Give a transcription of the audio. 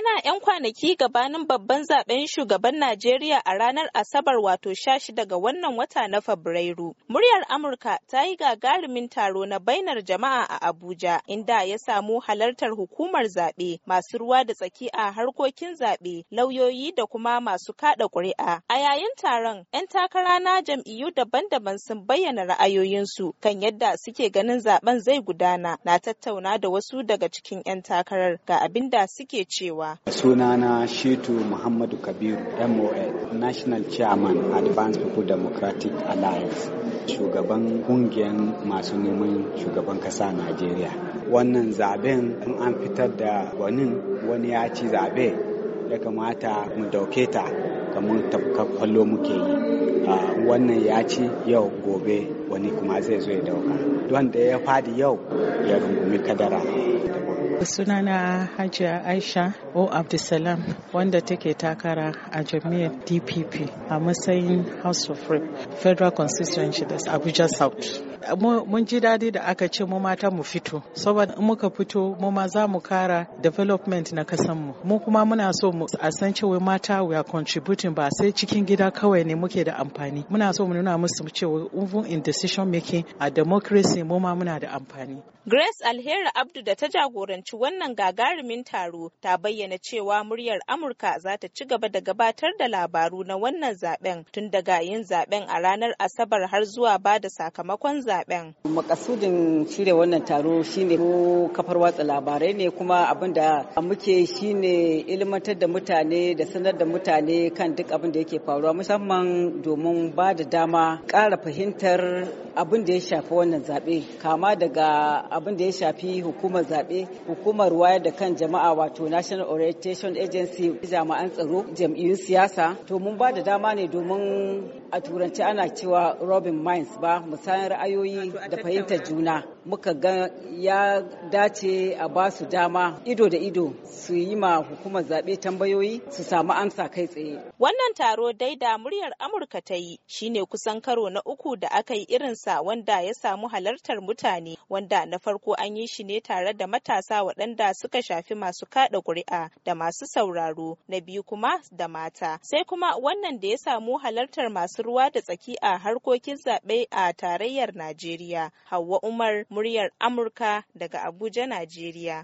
Ana 'yan kwanaki gabanin babban zaben shugaban Najeriya a ranar Asabar wato 16 ga wannan wata na Fabrairu. Muryar Amurka ta yi gagarumin taro na bainar jama'a a Abuja inda ya samu halartar hukumar zaɓe masu ruwa da tsaki a harkokin zaɓe, lauyoyi da kuma masu kaɗa ƙuri'a. A yayin taron, 'yan takara na jam'iyyu daban-daban sun bayyana ra'ayoyinsu kan yadda suke ganin zaben zai gudana na tattauna da wasu daga cikin 'yan takarar ga abin da suke cewa. Sunana Shitu Muhammadu Kabiru MOA, National Chairman Advanced People Democratic Alliance shugaban kungiyar masu neman shugaban kasa Najeriya. Wannan zaben in an fitar da gwanin wani ya ci zabe ya kamata mu dauke ta kamar tafka kwallo muke yi. Ah, wannan ya ci yau gobe wani kuma zai zo ya dauka. wanda ya fadi yau ya rungumi kadara sunana hajiya aisha o abdulsalam wanda take takara a jami'ar dpp a matsayin house of rep federal constituency da abuja south mun ji daɗi da aka ce mu mata mu fito saboda in muka fito mu ma za mu kara development na kasanmu mu kuma muna so mu a san cewa mata we are contributing ba sai cikin gida kawai ne muke da amfani muna so mu nuna musu cewa even in decision making a democracy mu ma muna da amfani Grace Alheri Abdu da ta jagoranci wannan gagarumin taro ta bayyana cewa muryar Amurka za ta ci gaba da gabatar da labaru na wannan zaben tun daga yin zaben a ranar Asabar har zuwa ba da sakamakon zaben. Makasudin shirya wannan taro shine ko kafar watsa labarai ne kuma abin da muke shine ilmantar da mutane da sanar da mutane kan duk abin da yake faruwa musamman domin ba da dama ƙara fahimtar abin da ya shafi wannan zaɓe kama daga abin da ya shafi hukumar zabe hukumar wayar da kan jama'a wato national orientation agency jami'an tsaro jam'iyyun siyasa to mun ba da dama ne domin a turanci ana cewa robin mines ba musayar ra'ayo ra'ayoyi da fahimtar juna muka ga ya dace a ba su dama ido da ido su yi ma hukumar zaɓe tambayoyi su samu amsa kai tsaye. Wannan taro dai da muryar Amurka ta yi shine kusan karo na uku da aka yi irinsa wanda ya samu halartar mutane wanda na farko an yi shi ne tare da matasa waɗanda suka shafi masu kaɗa ƙuri'a da masu sauraro na biyu kuma da mata sai kuma wannan da ya samu halartar masu ruwa da tsaki a harkokin zaɓe a tarayyar Najeriya. Najeriya. Hauwa Umar, muryar Amurka daga Abuja, Najeriya.